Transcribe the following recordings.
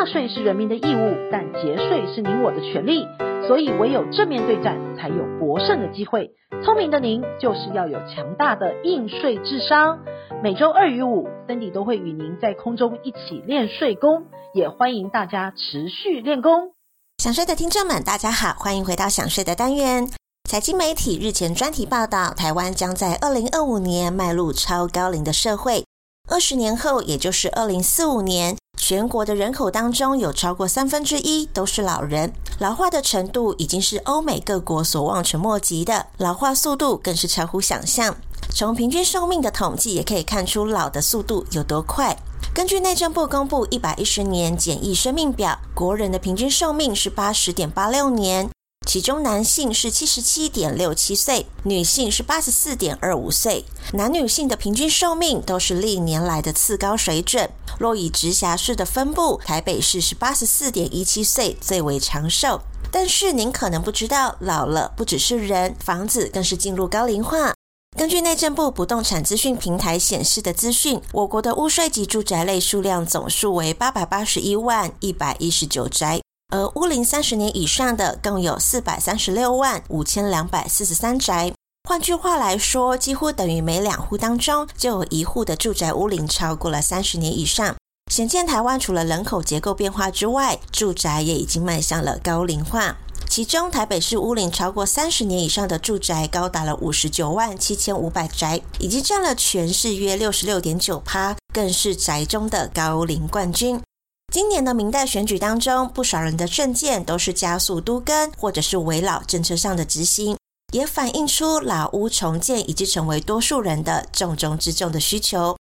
納稅是人民的義務，但節稅是您我的權利。所以唯有正面對戰，才有搏勝的機會。聰明的您，就是要有強大的應稅智商。每周二與五，Cindy 都會與您在空中一起練稅功，也歡迎大家持續練功。想稅的聽眾們，大家好，歡迎回到想稅的單元。財經媒體日前專題報道，台灣將在二零二五年邁入超高齡的社會。二十年後，也就是二零四五年。全國的人口當中，有超過三分之一都是老人，老化的程度已經是歐美各國所望塵莫及的，老化速度更是超乎想象。從平均壽命的統計也可以看出老的速度有多快。根據內政部公布一百一十年簡易生命表，國人的平均壽命是八十點八六年。其中男性是七十七點六七歲，女性是八十四點二五歲，男女性的平均壽命都是歷年來的次高水準。若以直轄市的分布，台北市是八十四點一七歲，最為長壽。但是您可能不知道，老了不只是人，房子更是進入高齡化。根據內政部不動產資訊平台顯示的資訊，我國的屋稅籍住宅類數量總數為八百八十一萬一百一十九宅。而屋齡三十年以上的共有四百三十六萬五千兩百四十三宅，換句話來說，幾乎等於每兩戶當中就有一戶的住宅屋齡超過了三十年以上，顯見台灣除了人口結構變化之外，住宅也已經邁向了高齡化。其中，台北市屋齡超過三十年以上的住宅高達了五十九萬七千五百宅，已經佔了全市約六十六點九趴，更是宅中的高齡冠軍。今年的明代選舉當中，不少人的政見都是加速都更或者是危老政策上的執行，也反映出老屋重建已經成為多數人的重中之重的需求。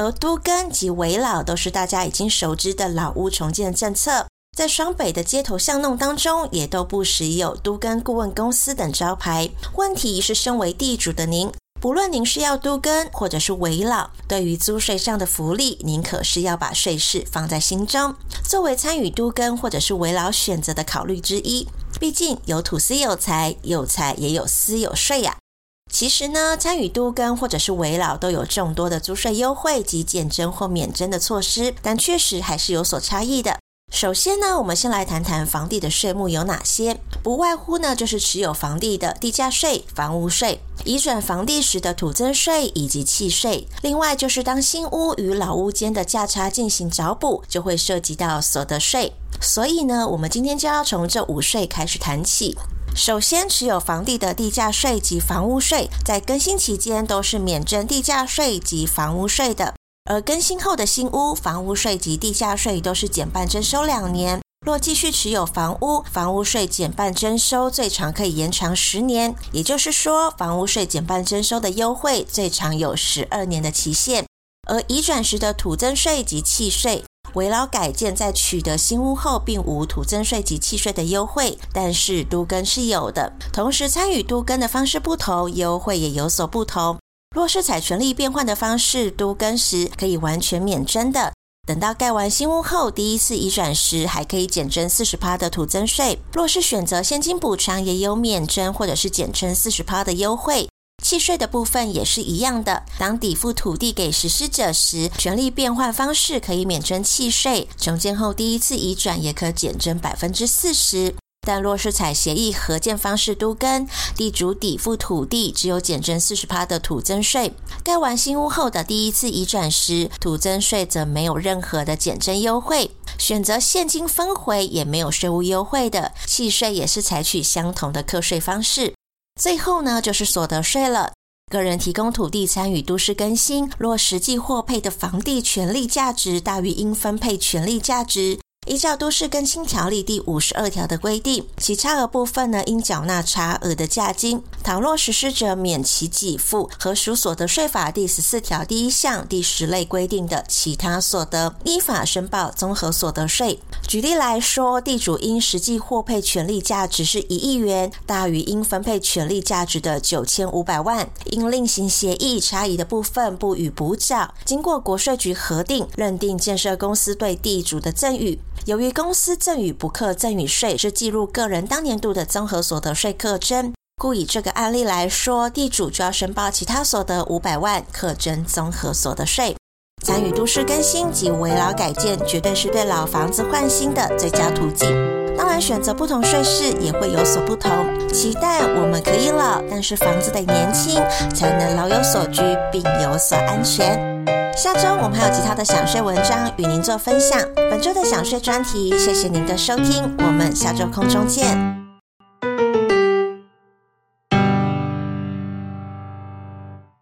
而都更及危老都是大家已經熟知的老屋重建政策，在雙北的街頭巷弄當中，也都不時有都更顧問公司等招牌。問題是，身為地主的您。不論您是要都更或者是危老，對於租稅上的福利，您可是要把稅事放在心中，作為參與都更或者是危老選擇的考慮之一。畢竟有土斯有財，有財也有斯有稅呀、啊。其實呢，參與都更或者是危老都有眾多的租稅優惠及減徵或免徵的措施，但確實還是有所差異的。首先呢，我們先來談談房地的稅目有哪些？不外乎呢就是持有房地的地價稅、房屋稅、移轉房地時的土增稅以及契稅，另外就是當新屋與老屋間的價差進行找補，就會涉及到所得稅。所以呢，我們今天就要從這五稅開始談起。首先，持有房地的地價稅及房屋稅在更新期間都是免徵地價稅及房屋稅的。而更新後的新屋，房屋稅及地價稅都是減半徵收兩年。若繼續持有房屋，房屋稅減半徵收最長可以延長十年，也就是說，房屋稅減半徵收的優惠最長有十二年的期限。而移轉時的土增稅及契稅，危老改建在取得新屋後，並無土增稅及契稅的優惠，但是都更是有的。同時，參與都更的方式不同，優惠也有所不同。若是採權利變換的方式，都更時可以完全免徵的。等到蓋完新屋後，第一次移轉時，還可以減徵四十趴的土增稅。若是選擇現金補償，也有免徵或者是減徵四十趴的優惠。契稅的部分也是一樣的。當抵付土地給實施者時，權利變換方式可以免徵契稅。重建後第一次移轉，也可減徵百分之四十。但若是採協議合建方式都更，地主抵付土地只有減徵四十趴的土增稅；蓋完新屋後的第一次移轉時，土增稅則沒有任何的減徵優惠。選擇現金分回也沒有稅務優惠的，契稅也是採取相同的課稅方式。最後呢，就是所得稅了。個人提供土地參與都市更新，若實際獲配的房地權利價值大於應分配權利價值。依照都市更新條例第五十二條的規定，其差額部分呢，應繳納差額的價金。倘若實施者免其給付，核屬所得稅法第十四條第一項第十類規定的其他所得，依法申報綜合所得稅。舉例來說，地主因實際獲配權利價值是一億元，大於應分配權利價值的九千五百萬，應另行協議差異的部分不予補繳。經過國稅局核定，認定建設公司對地主的贈與，由於公司贈與不課贈與稅，是記錄個人當年度的綜合所得稅課徵。故以這個案例來說，地主就要申報其他所得五百萬，課徵綜合所得稅。參與都市更新及危老改建，絕對是對老房子換新的最佳途徑。當然，選擇不同稅事也會有所不同。期待我們可以老，但是房子得年輕，才能老有所居，並有所安全。下周我們還有其他的享稅文章與您做分享。本周的享稅專題，謝謝您的收聽，我們下周空中見。